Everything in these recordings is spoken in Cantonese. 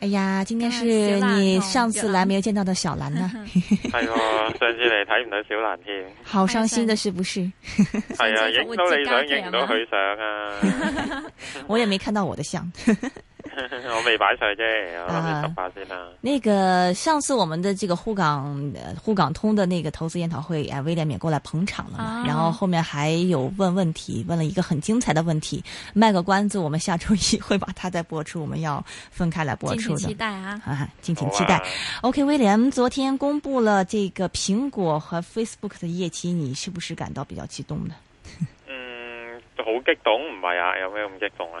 哎呀，今天是你上次來沒有見到的小蘭呢。係、哎、啊，上次嚟睇唔到小蘭添。 好傷心的是不是？係、哎、啊，影到你相，影唔到佢相啊。 我也沒看到我的相。 我未擺晒啫，我你下先發先啦。那個上次我們的這個滬港滬、呃、港通的那個投資研討會，哎、啊，威廉也過來捧場了嘛、啊？然后後面還有問問題，問了一個很精彩的問題。賣個關子，我們下周一會把它再播出，我們要分開來播出的。敬請期待啊！啊，敬請期待。啊、OK，威廉昨天公布了這個蘋果和 Facebook 的業績，你是不是感到比較激動呢？ 嗯，好激動，唔係啊，有咩咁激動啊？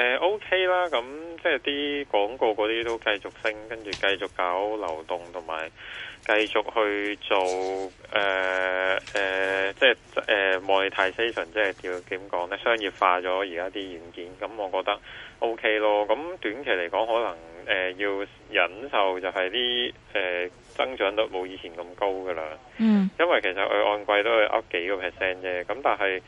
誒，O K 啦，咁即係啲廣告嗰啲都繼續升，跟住繼續搞流動，同埋繼續去做誒誒、呃呃，即係誒 monetisation 即係叫點講咧？商業化咗而家啲軟件，咁我覺得 O K 咯。咁短期嚟講，可能誒、呃、要忍受就係啲誒增長得冇以前咁高噶啦。嗯、mm.，因為其實佢按季都係凹幾個 percent 啫。咁但係誒。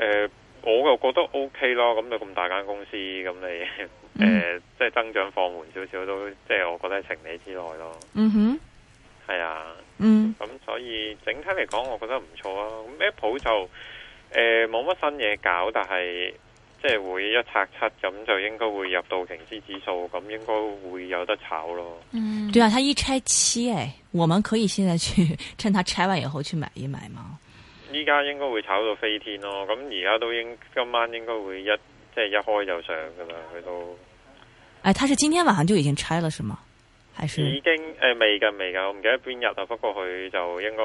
呃我又覺得 OK 咯，咁你咁大間公司，咁你誒、嗯呃，即係增長放緩少少都，即係我覺得係情理之內咯。嗯哼，係啊，嗯，咁、嗯、所以整體嚟講，我覺得唔錯啊。Apple 就誒冇乜新嘢搞，但係即係會一拆七咁就應該會入到停止指數，咁應該會有得炒咯。嗯，對啊，它一拆七誒，我們可以現在去趁它拆完以後去買一買嗎？依家應該會炒到飛天咯，咁而家都應今晚應該會一即係一開就上噶啦，佢都。哎，他是今天晚上就已經拆了是嗎？還是已經誒未噶未噶，我唔記得邊日啊。不過佢就應該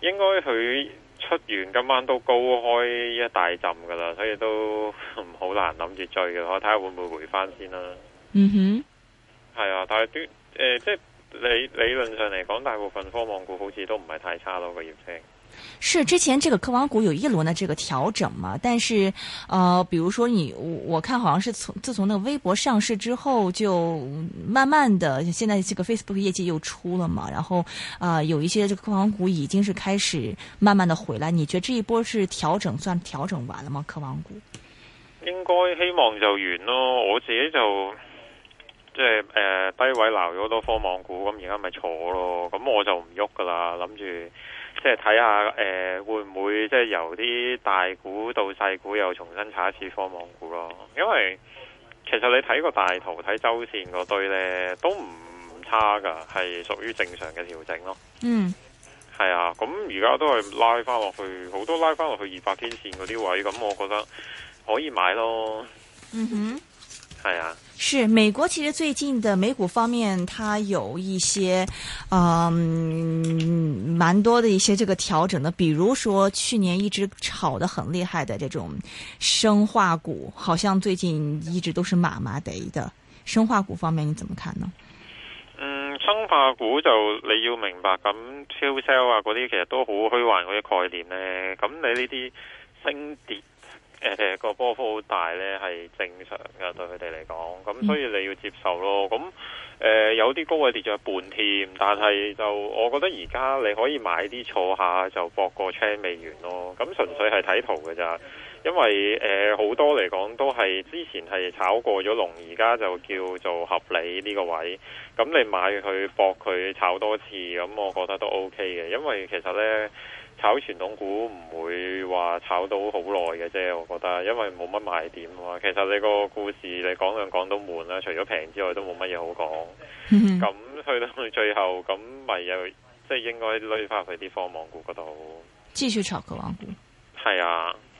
應該佢出完今晚都高開一大浸噶啦，所以都唔好難諗住追嘅。我睇下會唔會回翻先啦。嗯哼，係啊，但係誒、呃、即係理理論上嚟講，大部分科網股好似都唔係太差咯個業績。是之前這個科網股有一輪的這個調整嘛？但是，呃，比如說你我看好像是從自從那個微博上市之後，就慢慢的現在這個 Facebook 業績又出了嘛，然後啊、呃，有一些這個科網股已經是開始慢慢的回來。你覺得這一波是調整算調整完了嗎？科網股應該希望就完咯。我自己就即係誒低位撈咗好多科網股，咁而家咪坐咯，咁我就唔喐㗎喇，諗住。即係睇下，誒、呃，會唔會即係由啲大股到細股又重新炒一次科網股咯？因為其實你睇個大圖睇周綫嗰堆呢，都唔差噶，係屬於正常嘅調整咯。嗯，係啊，咁而家都係拉翻落去，好多拉翻落去二百天綫嗰啲位，咁我覺得可以買咯。嗯哼。係啊，是美國其實最近的美股方面，它有一些，嗯，蠻多的一些這個調整的。比如說去年一直炒得很厲害的這種生化股，好像最近一直都是麻麻哋的。生化股方面，你怎麼看呢？嗯，生化股就你要明白咁，超 sell 啊嗰啲其實都好虛幻嗰啲概念呢。咁你呢啲升跌？誒、欸，欸那個波幅好大呢，係正常嘅，對佢哋嚟講，咁所以你要接受咯。咁誒、呃，有啲高位跌咗一半添，但係就我覺得而家你可以買啲坐下，就博個 trend 未完咯。咁純粹係睇圖嘅咋，因為誒好、呃、多嚟講都係之前係炒過咗龍，而家就叫做合理呢個位。咁你買佢博佢炒多次，咁我覺得都 OK 嘅，因為其實呢。炒傳統股唔會話炒到好耐嘅啫，我覺得，因為冇乜賣點嘛。其實你個故事你講兩講都悶啦，除咗平之外都冇乜嘢好講。咁、嗯、去到最後，咁咪又即係應該攞翻去啲科網股嗰度，繼續炒科網股。係啊。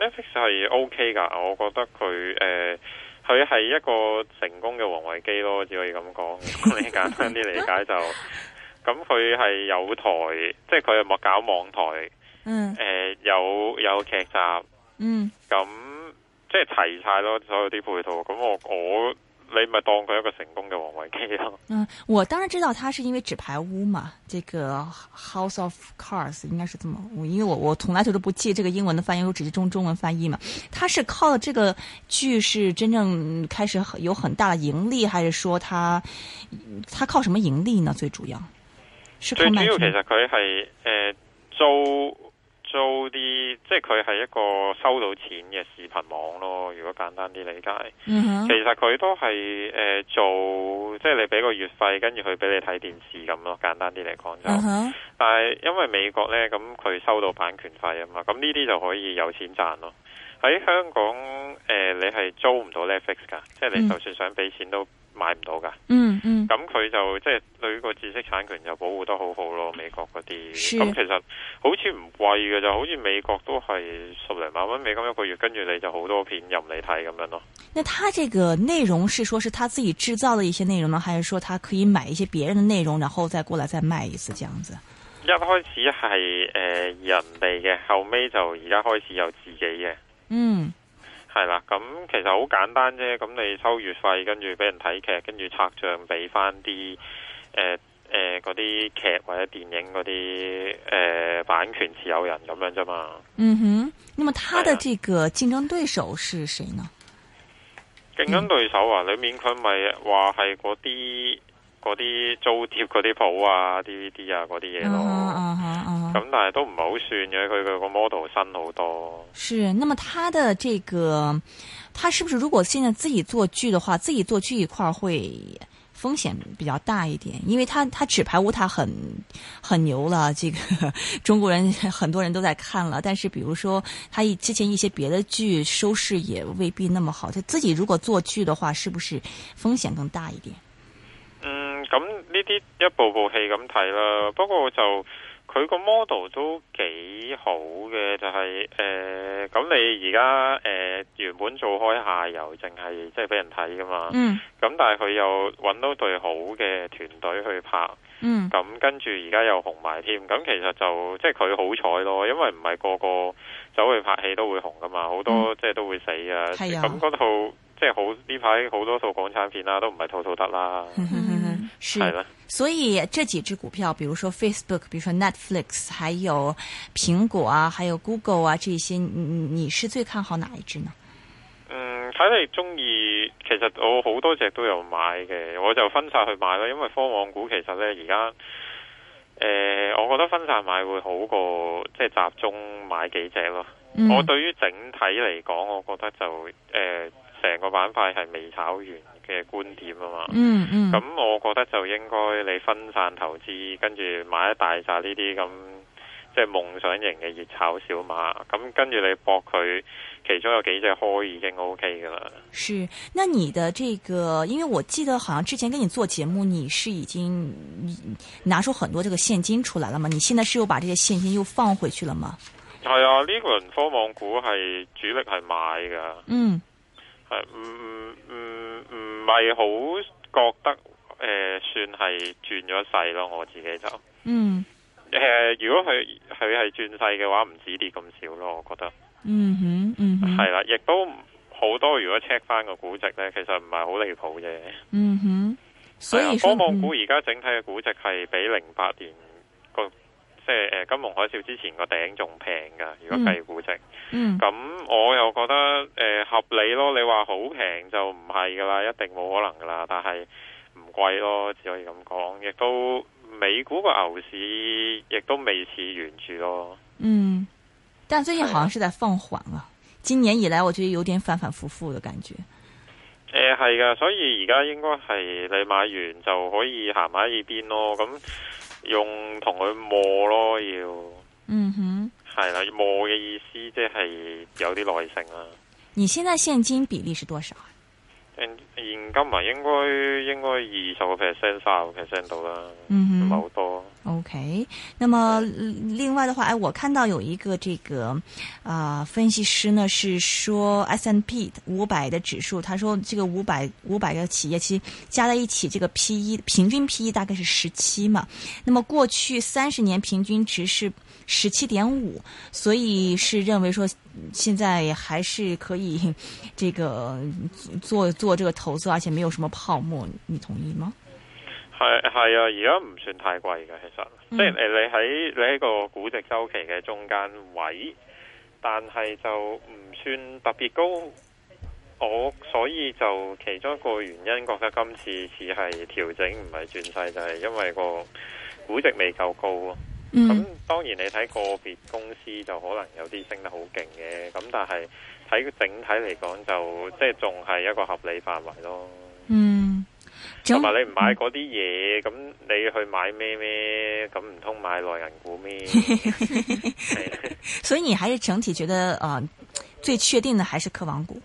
Netflix 係 OK 噶，我覺得佢誒，佢、呃、係一個成功嘅王維基咯，我只可以咁講。你 簡單啲理解就，咁佢係有台，即係佢又冇搞網台，嗯，誒，有有劇集，嗯，咁即係題材咯，所有啲配套，咁、嗯、我我。我你咪當佢一個成功嘅王維基啊。嗯，我當然知道，他是因為紙牌屋嘛，這個 House of Cars 應該是這麼。因為我我從來就都不記這個英文的翻譯，我只記中中文翻譯嘛。他是靠這個劇是真正開始有很大的盈利，還是說他他靠什麼盈利呢？最主要，是最主要其實佢係誒做。租啲，即係佢係一個收到錢嘅視頻網咯。如果簡單啲理解，mm -hmm. 其實佢都係誒、呃、做，即係你俾個月費，跟住佢俾你睇電視咁咯。簡單啲嚟講就，mm -hmm. 但係因為美國呢，咁佢收到版權費啊嘛，咁呢啲就可以有錢賺咯。喺香港，誒、呃，你係租唔到 Netflix 噶，嗯，即係你就算想俾錢都買唔到噶。嗯嗯。咁佢就即係、就是、對於個知識產權又保護得好好咯，美國嗰啲。咁其實好似唔貴嘅，就好似美國都係十零萬蚊美金一個月，跟住你就好多片任你睇咁樣咯。那他這個內容是說是他自己製造的一些內容呢，還是說他可以買一些別人的內容然後再過來再賣一次這樣子？一開始係誒、呃、人哋嘅，後尾就而家開始有自己嘅。嗯，係啦，咁其實好簡單啫，咁你收月費，跟住俾人睇劇，跟住拆賬俾翻啲，誒誒嗰啲劇或者電影嗰啲誒版權持有人咁樣啫嘛。嗯哼，那麼他的這個競爭對手是誰呢？競爭對手啊，裏面佢咪話係嗰啲。嗰啲租貼嗰啲鋪啊，DVD 啊嗰啲嘢咯，咁、uh, uh, uh, uh, uh, 但係都唔係好算嘅。佢佢個 model 新好多。是那麼他的這個，他是不是如果現在自己做劇的話，自己做劇一塊會風險比較大一點？因為他他紙牌屋他很很牛啦，這個中國人很多人都在看了。但是，比如說他之前一些別的劇收視也未必那麼好。他自己如果做劇的話，是不是風險更大一點？咁呢啲一部部戲咁睇啦，不過就佢個 model 都幾好嘅，就係誒咁你而家誒原本做開下游淨係即係俾人睇噶嘛，咁、嗯、但係佢又揾到對好嘅團隊去拍，咁、嗯、跟住而家又紅埋添，咁其實就即係佢好彩咯，因為唔係個個走去拍戲都會紅噶嘛，好、嗯、多即係都會死啊，咁嗰套。即係好呢排好多套港產片啦、啊，都唔係套套得啦。係啦 ，所以這幾支股票，比如說 Facebook，比如說 Netflix，還有蘋果啊，還有 Google 啊，這些你你是最看好哪一支呢？嗯，睇你中意。其實我好多隻都有買嘅，我就分散去買咯。因為科網股其實呢，而家，誒、呃，我覺得分散買會好過即係集中買幾隻咯。嗯、我對於整體嚟講，我覺得就誒。呃成個板塊係未炒完嘅觀點啊嘛。嗯嗯，咁、嗯、我覺得就應該你分散投資，跟住買一大扎呢啲咁即係夢想型嘅熱炒小馬，咁跟住你搏佢其中有幾隻開已經 OK 噶啦。是，那你的這個，因為我記得好像之前跟你做節目，你是已經拿出很多這個現金出來了嘛？你現在是又把這些現金又放回去了嗎？係啊，呢輪科網股係主力係買噶，嗯。係唔唔唔唔係好覺得誒、呃，算係轉咗勢咯。我自己就嗯誒、呃，如果佢佢係轉勢嘅話，唔止跌咁少咯。我覺得嗯哼嗯係啦，亦都好多。如果 check 翻個估值咧，其實唔係好離譜嘅。嗯哼，所以科網股而家整體嘅估值係比零八年，即係金融海嘯之前個頂仲平噶，如果計估值，咁、嗯嗯、我又覺得誒、呃、合理咯。你話好平就唔係噶啦，一定冇可能噶啦。但係唔貴咯，只可以咁講。亦都美股個牛市亦都未似原住咯。嗯，但最近好像是在放緩啊，啊。今年以來，我覺得有點反反复复嘅感覺。誒係噶，所以而家應該係你買完就可以行埋一邊咯。咁、嗯。用同佢磨咯，要，嗯哼，係啦，磨嘅意思即係有啲耐性啦、啊。你現在現金比例是多少？啊？現現金咪應該應該二十個 percent，三十個 percent 度啦，嗯唔係好多。OK，那麼另外的話，哎，我看到有一個這個啊、呃，分析師呢是說 S&P 五百的指數，他說這個五百五百個企業，其實加在一起，這個 P E 平均 P E 大概是十七嘛。那麼過去三十年平均值是十七點五，所以是認為說現在還是可以這個做做這個投資，而且沒有什麼泡沫，你同意嗎？係係啊，而家唔算太貴嘅，其實、嗯、即係你喺你喺個估值周期嘅中間位，但係就唔算特別高。我所以就其中一個原因，覺得今次似係調整，唔係轉勢，就係、是、因為個估值未夠高。咁、嗯、當然你睇個別公司就可能有啲升得好勁嘅，咁但係睇整體嚟講就即係仲係一個合理範圍咯。嗯。同埋你唔買嗰啲嘢，咁、嗯、你去買咩咩？咁唔通買內銀股咩？ 所以你還是整體覺得啊、呃，最確定的還是科網股。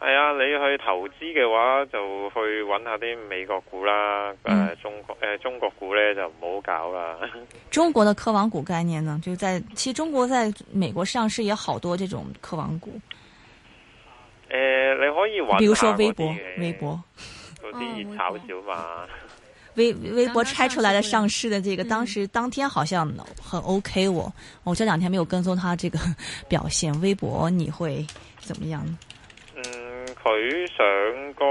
係、哎、啊，你去投資嘅話，就去揾下啲美國股啦。誒、嗯呃，中國誒、呃，中國股咧就唔好搞啦。 中國的科網股概念呢？就在其實中國在美國上市也好多這種科網股。誒、呃，你可以玩，比如，說微博，微博。嗰啲熱炒少嘛，微博微博拆出來的上市的這個，嗯、當時當天好像很 OK，哦。我我這兩天沒有跟蹤他這個表現，微博，你會怎麼樣？嗯，佢上個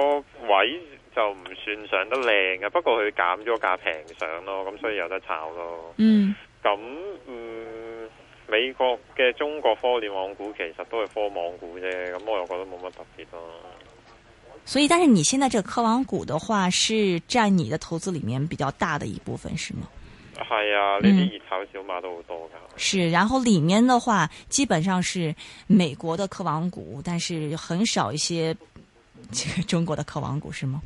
位就唔算上得靚嘅，不過佢減咗價平上咯，咁所以有得炒咯。嗯，咁嗯，美國嘅中國科聯網股其實都係科網股啫，咁我又覺得冇乜特別咯、啊。所以，但是你現在這個科網股的話，是佔你的投資裏面比較大的一部分，是嗎？是啊，呢啲熱炒小碼都好多噶、嗯。是，然後裏面的話，基本上是美國的科網股，但是很少一些這個中國的科網股，是嗎？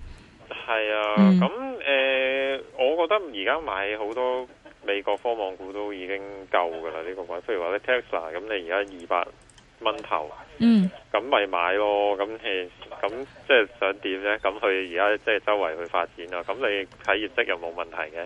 是啊，咁、嗯、誒、呃，我覺得而家買好多美國科網股都已經夠噶啦呢個位，譬如話你 Tesla，咁你而家二百蚊頭。嗯，咁咪買咯，咁係，咁即係想點咧？咁佢而家即係周圍去發展啦，咁你睇業績又冇問題嘅。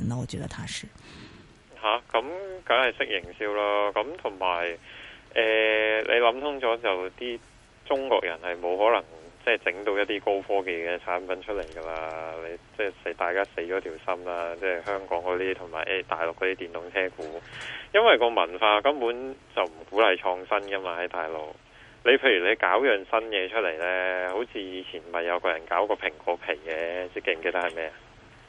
我覺得他是吓、啊、咁，梗係識營銷咯。咁同埋誒，你諗通咗就啲中國人係冇可能即係整到一啲高科技嘅產品出嚟噶啦。你即係、就是、死大家死咗條心啦。即、就、係、是、香港嗰啲同埋誒，大陸嗰啲電動車股，因為個文化根本就唔鼓勵創新噶嘛。喺大陸，你譬如你搞樣新嘢出嚟呢，好似以前咪有個人搞個蘋果皮嘅，你記唔記得係咩？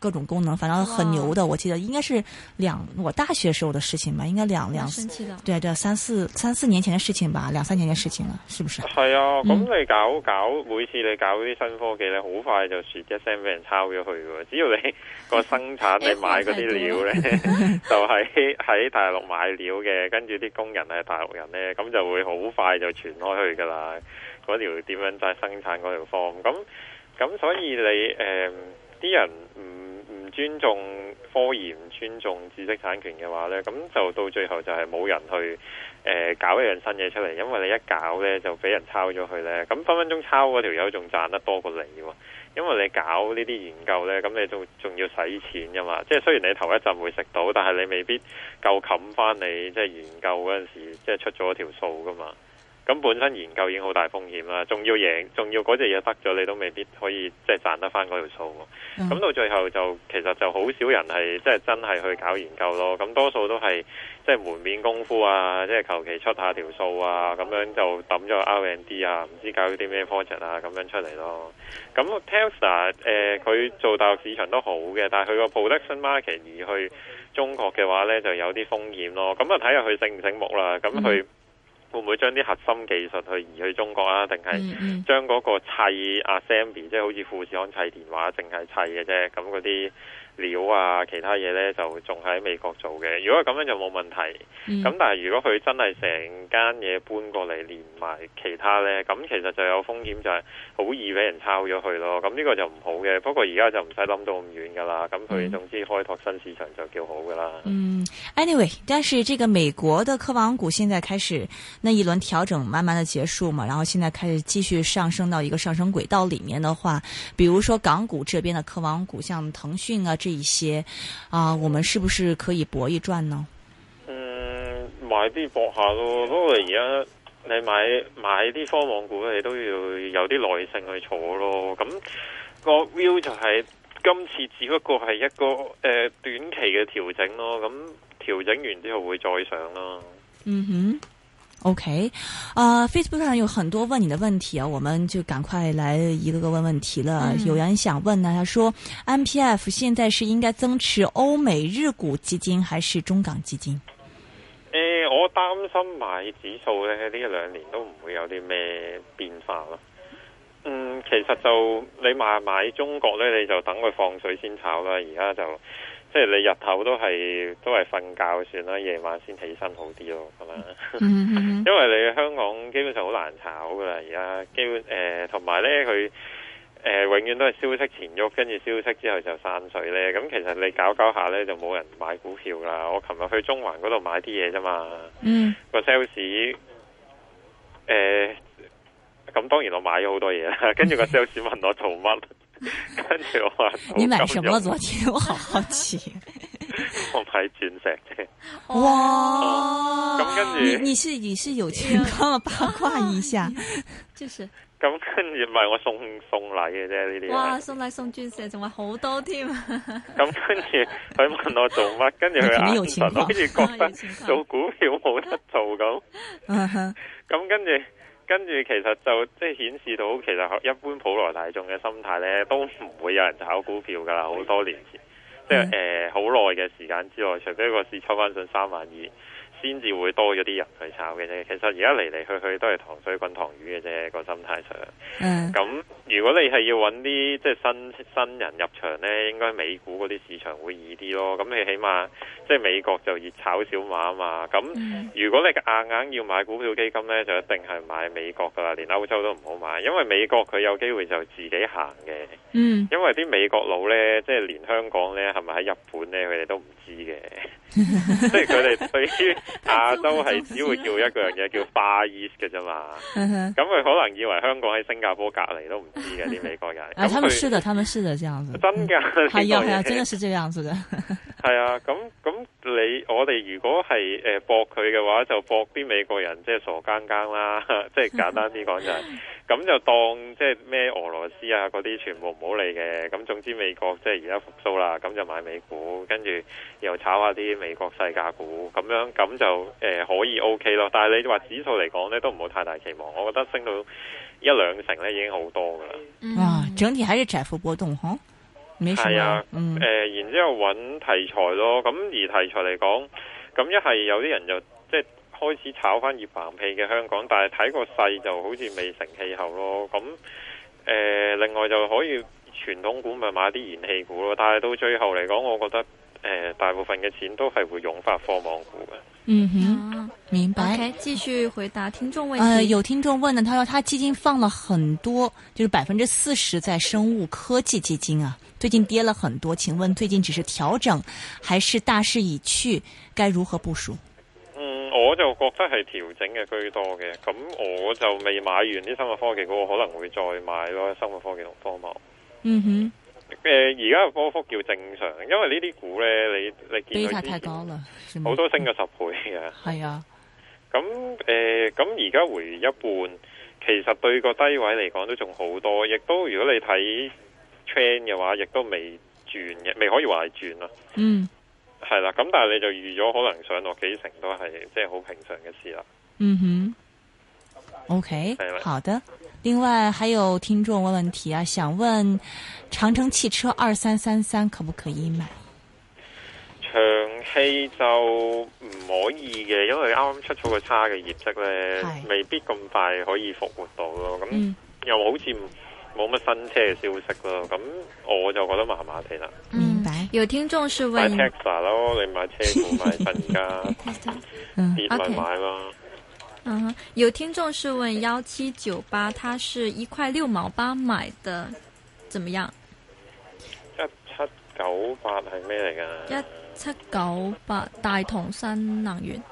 各種功能，反正很牛的。我記得應該是兩我大學時候的事情吧，應該兩兩對，這三四三四年前的事情吧，兩三年前的事情了，是不是？係啊，咁、嗯、你搞搞每次你搞啲新科技呢，好快就說一聲俾人抄咗去。只要你個 生產 你買嗰啲料呢， 就喺喺大陸買料嘅，跟住啲工人係大陸人呢，咁就會好快就傳開去噶啦。嗰條點樣再生產嗰條 form 咁咁，所以你誒啲、呃、人唔。尊重科研、尊重知識產權嘅話呢，咁就到最後就係冇人去誒、呃、搞一樣新嘢出嚟，因為你一搞呢，就俾人抄咗佢呢。咁分分鐘抄嗰條友仲賺得多過你喎。因為你搞呢啲研究呢，咁你都仲要使錢噶嘛。即係雖然你頭一陣會食到，但係你未必夠冚翻你即係研究嗰陣時即係出咗條數噶嘛。咁本身研究已經好大風險啦，仲要贏，仲要嗰隻嘢得咗，你都未必可以即係賺得翻嗰條數。咁、mm -hmm. 到最後就其實就好少人係即係真係去搞研究咯。咁多數都係即係門面功夫啊，即係求其出下條數啊，咁樣就揼咗 R&D 啊，唔知搞啲咩 project 啊，咁樣出嚟咯。咁 Tesla 誒、呃、佢做大陸市場都好嘅，但佢個 production market 而去中國嘅話呢，就有啲風險咯。咁啊睇下佢醒唔醒目啦。咁佢。會唔會將啲核心技術去移去中國啊？定係將嗰個砌啊，assemble 即係好似富士康砌電話，淨係砌嘅啫。咁嗰啲。料啊，其他嘢呢就仲喺美國做嘅。如果咁樣就冇問題，咁、嗯、但係如果佢真係成間嘢搬過嚟，連埋其他呢，咁其實就有風險，就係好易俾人抄咗去咯。咁呢個就唔好嘅。不過而家就唔使諗到咁遠噶啦。咁、嗯、佢總之開拓新市場就叫好噶啦。嗯，anyway，但是這個美國的科網股現在開始那一輪調整慢慢的結束嘛，然後現在開始繼續上升到一個上升軌道裏面的話，比如說港股這邊的科網股像，啊，像騰訊啊一些啊，我們是不是可以搏一轉呢？嗯，買啲搏下咯，不過而家你買買啲科網股，你都要有啲耐性去坐咯。咁個 view 就係今次只不過係一個誒短期嘅調整咯。咁調整完之後會再上咯。嗯哼。OK，啊、uh，Facebook 上有很多問你的問題啊，我們就趕快來一個個問問題啦、嗯、有人想問呢，他說 MPF 現在是應該增持歐美日股基金，還是中港基金？誒、呃，我擔心買指數呢，呢一兩年都唔會有啲咩變化咯。嗯，其實就你買買中國呢，你就等佢放水先炒啦。而家就。即係你日頭都係都係瞓覺算啦，夜晚先起身好啲咯，係咪？Mm -hmm. 因為你香港基本上好難炒噶啦而家，基本誒，同埋咧佢誒永遠都係消息前喐，跟住消息之後就散水咧。咁其實你搞搞下咧就冇人買股票啦。我琴日去中環嗰度買啲嘢啫嘛。嗯、mm -hmm.，個 sales 誒咁當然我買咗好多嘢啦，跟、mm、住 -hmm. 個 sales 問我做乜？ 跟住我話，你買什麼？昨天 我好好奇、啊， 我買鑽石啫。哇！咁跟住，你你是你是有情況、yeah. 八卦一下，就是。咁跟住唔係我送送禮嘅啫呢啲。哇！送禮、wow, 送鑽石，仲話好多添。咁 跟住佢問我做乜， 跟住佢阿叔跟住覺得做股票冇得做咁。咁、uh -huh. 跟住。跟住其實就即顯示到其實一般普羅大眾嘅心態呢，都唔會有人炒股票㗎啦。好多年前，即係好耐嘅時間之內，除非個市抽翻上三萬二，先至會多咗啲人去炒嘅啫，其實而家嚟嚟去去都係糖水滾糖魚嘅啫，個心態上。嗯、mm.，咁如果你係要揾啲即係新新人入場呢，應該美股嗰啲市場會易啲咯。咁你起碼即係美國就熱炒小馬啊嘛。咁、mm. 如果你硬硬要買股票基金呢，就一定係買美國噶啦，連歐洲都唔好買，因為美國佢有機會就自己行嘅。嗯、mm.，因為啲美國佬呢，即係連香港呢，係咪喺日本呢？佢哋都唔知嘅。 即係佢哋對於亞洲係只會叫一個樣嘢 叫 Far East 嘅啫嘛，咁佢可能以為香港喺新加坡隔籬都唔知嘅啲美國人。啊， 他們是的， 他們是的，這樣子。嗯、真噶，係啊係啊，真的是這個樣子的。 係啊，咁咁你我哋如果係誒搏佢嘅話，就搏啲美國人即係傻更更啦，呵呵即係簡單啲講就係，咁 就當即係咩俄羅斯啊嗰啲全部唔好理嘅，咁總之美國即係而家復蘇啦，咁就買美股，跟住又炒下啲美國細價股，咁樣咁就誒、呃、可以 OK 咯。但係你話指數嚟講咧，都唔好太大期望，我覺得升到一兩成咧已經好多噶啦、嗯。哇，整體還係窄幅波動嗬。係 啊，呃、然之後揾題材咯，咁而題材嚟講，咁一係有啲人就即係開始炒翻熱房皮嘅香港，但係睇個勢就好似未成氣候咯。咁誒、呃，另外就可以傳統股咪買啲燃氣股咯，但係到最後嚟講，我覺得。呃、大部分嘅錢都係會用返科網股嘅。嗯哼，明白。Okay, 繼續回答聽眾問題，呃。有聽眾問呢，他說他基金放了很多，就是百分之四十在生物科技基金啊，最近跌了很多，請問最近只是調整，還是大勢已去？該如何部署？嗯，我就覺得係調整嘅居多嘅，咁我就未買完啲生物科技股，我可能會再買咯，生物科技同科網。嗯哼。誒、呃，而家嘅波幅叫正常，因為這些呢啲股咧，你你見太太多啦，好多升咗十倍啊。係啊，咁誒，咁而家回一半，其實對個低位嚟講都仲好多，亦都如果你睇 trend 嘅話，亦都未轉嘅，未可以話係轉啦。嗯，係啦，咁但係你就預咗可能上落幾成都係即係好平常嘅事啦。嗯哼、嗯嗯嗯，OK，好的。另外還有聽眾問問題啊，想問長城汽車二三三三可唔可以買？長城就唔可以嘅，因為啱啱出咗個差嘅業績咧，未必咁快可以復活到咯。咁又好似冇乜新車嘅消息咯，咁我就覺得麻麻地啦。明白。有聽眾是問買 Tesla 咯，你買車股買新而家？跌 咪、嗯、買咯。Okay. 嗯、uh -huh.，有聽眾是問幺七九八，它是一塊六毛八買的，怎麼樣？一七九八係咩嚟㗎？一七九八大唐新能源。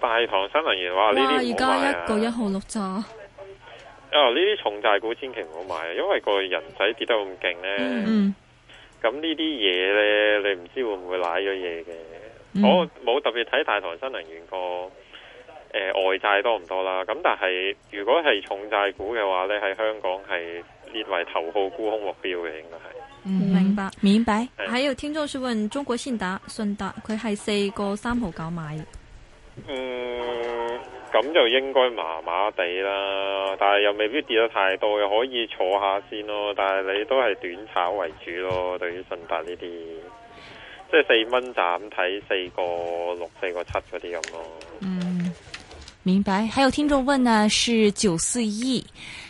大唐新能源哇，呢啲而家一個一號六咋？哦、啊，呢啲重債股千祈唔好買，因為個人仔跌得咁勁咧。嗯咁、嗯、呢啲嘢咧，你唔知道會唔會瀨咗嘢嘅？我冇特別睇大唐新能源個。誒、呃、外債多唔多啦？咁、嗯、但係如果係重債股嘅話咧，你喺香港係列為頭號沽空目標嘅，應該係明白明白。還有聽眾是問中國信達信達佢係四個三毫九買，嗯咁就應該麻麻地啦，但係又未必跌得太多，又可以坐下先咯。但係你都係短炒為主咯，對於信達呢啲，即係四蚊斬睇四個六、四個七嗰啲咁咯。嗯明白，還有聽眾問呢，啊，是九四一，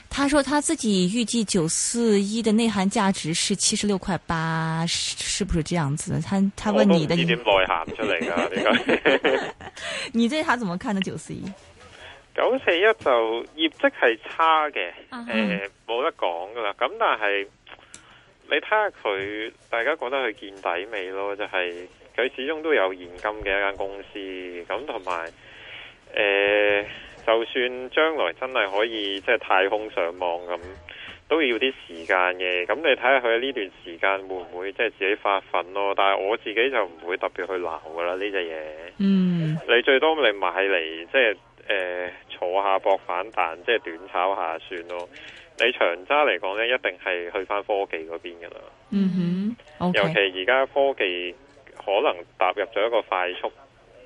他說他自己預計九四一的內涵價值是七十六塊八，是不是這樣子？他他問你的，你點內涵出嚟㗎？ 你你對他怎麼看呢？九四一九四一，就業績係差嘅，冇、uh -huh. 呃、得講㗎喇。咁但係你睇下佢，大家覺得佢見底未咯？就係、是、佢始終都有現金嘅一間公司，咁同埋。誒、呃，就算將來真係可以即係太空上網咁，都要啲時間嘅。咁你睇下佢呢段時間會唔會即係自己發奮咯？但係我自己就唔會特別去鬧噶啦呢隻嘢。嗯，你最多你買嚟，即係誒、呃、坐下搏反彈，即係短炒下算咯。你長揸嚟講呢，一定係去翻科技嗰邊噶啦。嗯哼，okay. 尤其而家科技可能踏入咗一個快速。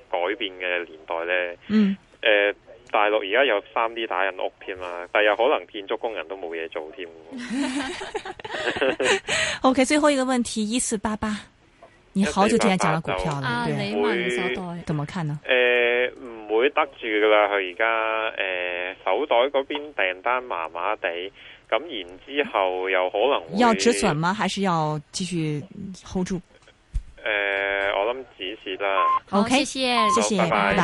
改變嘅年代咧，誒、嗯呃，大陸而家有三 D 打印屋添，但第日可能建築工人都冇嘢做添。 OK，最後一個問題，一四八八，你好久之前講到股票了，理文手袋，怎麼看呢？誒，唔、呃、會得住噶啦，佢而家誒手袋嗰邊訂單麻麻地，咁然後之後又可能要止損嗎？還是要繼續 hold 住？誒、呃，我諗指示啦。好，謝謝，謝謝，拜拜。